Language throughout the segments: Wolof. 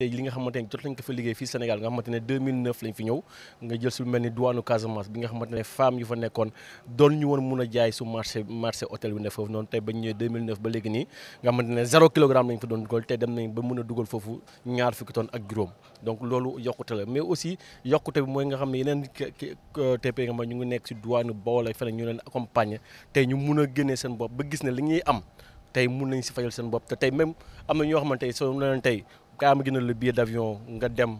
tey li nga xamante ne jot nañ ko fa liggéey fii Sénégal nga xamante ne 2009 lañ fi ñëw nga jël su mel duwaanu Casamance bi nga xamante ne yu fa nekkoon doon ñu woon mun a jaay su marché marché hôtel bi ne foofu noonu tey ba ñu ñëwee 2009 ba léegi nii nga xamante ne zéro dugal a dugal foofu ñaar fukki tonnes ak juróom donc loolu yokkute la mais aussi yokkute bi mooy nga xam ne yeneen euh, TP nga xam ñu ngi nekk si duwaanu Bawol ak feneen ñu leen accompagner tey ñu mun a génnee seen bopp ba gis ne li ñuy am tey mun nañ si fajal seen bopp te tey même am na ñoo xamante ne soo leen tey kaay ma gënal la billet d'avion nga dem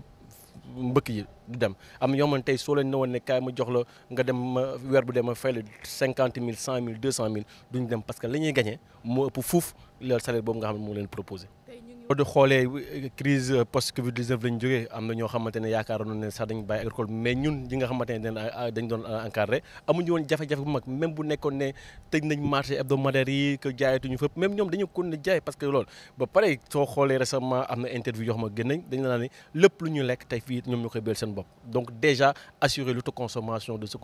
mbëkk yi du dem am yoo xam tey soo leen ne ne kaay ma jox la nga dem ma weer bu dem ma fay la cinquante mille cent mille deux cent mille duñ dem parce que li ñuy gagné moo ëpp fuuf le salaire boobu nga xam ne leen proposé. du xoolee euh, crise post Covid 19 lañ jógee am na ñoo xamante ne yaakaaroon ne sax dañ bàyyi agricole mais ñun ñi nga xamante ne dañ ah, doon euh, encadré amuñu woon jafe-jafe bu mag même bu nekkoon ne tëj nañ marché hebdomadaire yi que jaayatuñu fépp même ñoom dañu kon ne jaay parce que loolu ba pare soo xoolee récemment am na interview yoo xam ne génnañ dañ lu ñu lekk tey fii ñoom ñu koy béyal seen bopp donc déjà assurer l'autoconsommation de ce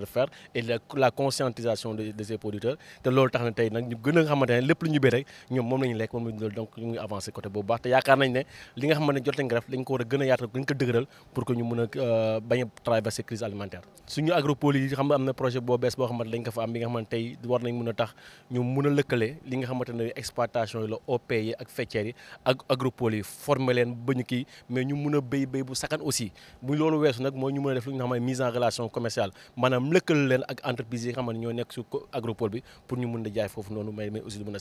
de faire na tey nag ñu gën moom la ñu lekk moom la ñu dundal donc ñu ngi avancé côté boobu baax te yaakaar nañ ne li nga xam ne jot nañ ko def dañ ko war a gën a yaatal dañ ko dëgëral pour que ñu mën a euh, bañ a traversé crise alimentaire suñu agropole yi xam nga am na projet boo bees boo xamante dañ ko fa am bi nga xamante tey war nañ mën a tax ñu mën a lëkkale li nga xamante ne exploitation yi la OP yi ak faîtières yi ak agropole yi former leen ba ñu kii mais ñu mën a béy béy bu sakan aussi bu loolu weesu nag mooy ñu mën a def lu ñu xam ne mise en relation commerciale maanaam lëkkale leen ak entreprise yi nga xam ne ñoo nekk su agropole bi pour ñu mën a jaay foofu noonu mais mais aussi lu mën a